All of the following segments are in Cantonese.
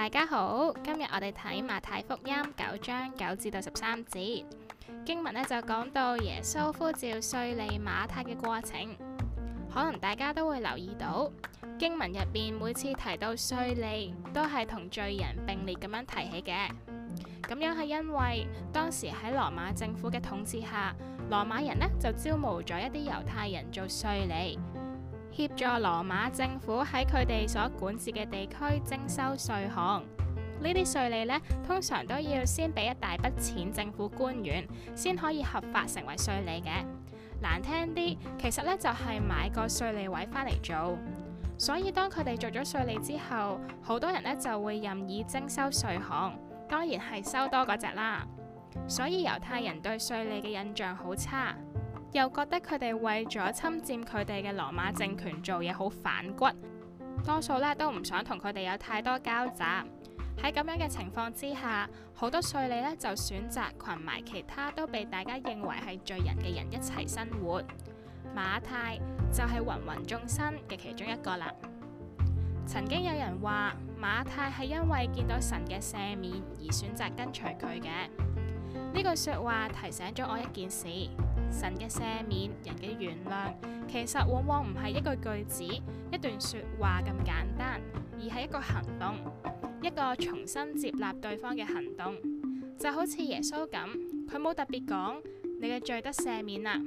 大家好，今日我哋睇馬太福音九章九至到十三節經文呢，就講到耶穌呼召稅吏馬太嘅過程。可能大家都會留意到，經文入邊每次提到稅吏，都係同罪人並列咁樣提起嘅。咁樣係因為當時喺羅馬政府嘅統治下，羅馬人呢就招募咗一啲猶太人做稅吏。協助羅馬政府喺佢哋所管治嘅地區徵收稅項，呢啲稅吏呢，通常都要先俾一大筆錢政府官員，先可以合法成為稅吏嘅。難聽啲，其實呢就係、是、買個稅吏位返嚟做。所以當佢哋做咗稅吏之後，好多人呢就會任意徵收稅項，當然係收多嗰隻啦。所以猶太人對稅吏嘅印象好差。又覺得佢哋為咗侵佔佢哋嘅羅馬政權做嘢，好反骨。多數呢都唔想同佢哋有太多交集。喺咁樣嘅情況之下，好多稅吏呢就選擇群埋其他都被大家認為係罪人嘅人一齊生活。馬太就係芸芸眾生嘅其中一個啦。曾經有人話馬太係因為見到神嘅赦免而選擇跟隨佢嘅。呢句説話，提醒咗我一件事。神嘅赦免，人嘅原諒，其實往往唔係一句句子，一段說話咁簡單，而係一個行動，一個重新接納對方嘅行動。就好似耶穌咁，佢冇特別講你嘅罪得赦免啦，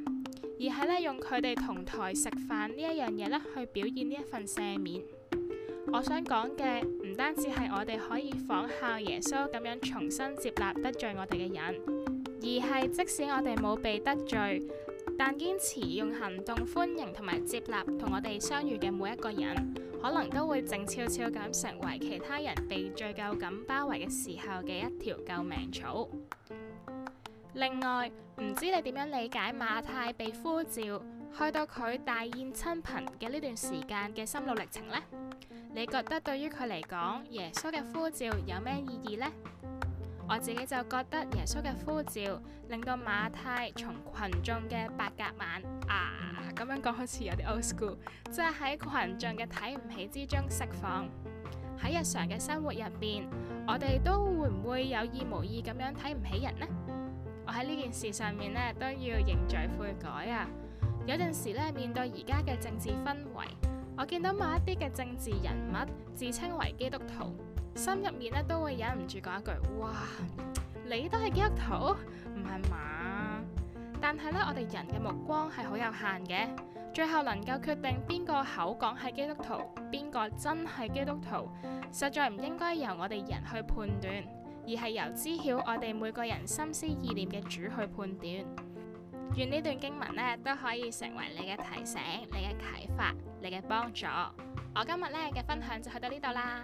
而係咧用佢哋同台食飯呢一樣嘢咧，去表現呢一份赦免。我想講嘅唔單止係我哋可以仿效耶穌咁樣重新接納得罪我哋嘅人。而係，即使我哋冇被得罪，但堅持用行動歡迎同埋接納同我哋相遇嘅每一個人，可能都會靜悄悄咁成為其他人被罪疚感包圍嘅時候嘅一條救命草。另外，唔知你點樣理解馬太被呼召，去到佢大宴親朋嘅呢段時間嘅心路歷程呢？你覺得對於佢嚟講，耶穌嘅呼召有咩意義呢？我自己就覺得耶穌嘅呼召令到馬太從群眾嘅白鴿眼，啊，咁樣講好似有啲 old school，即係喺群眾嘅睇唔起之中釋放。喺日常嘅生活入面，我哋都會唔會有意無意咁樣睇唔起人呢？我喺呢件事上面呢，都要認罪悔改啊！有陣時呢，面對而家嘅政治氛圍，我見到某一啲嘅政治人物自稱為基督徒。心入面咧都會忍唔住講一句：哇！你都係基督徒，唔係嘛？但係咧，我哋人嘅目光係好有限嘅，最後能夠決定邊個口講係基督徒，邊個真係基督徒，實在唔應該由我哋人去判斷，而係由知曉我哋每個人心思意念嘅主去判斷。願呢段經文呢，都可以成為你嘅提醒、你嘅啟發、你嘅幫助。我今日咧嘅分享就去到呢度啦。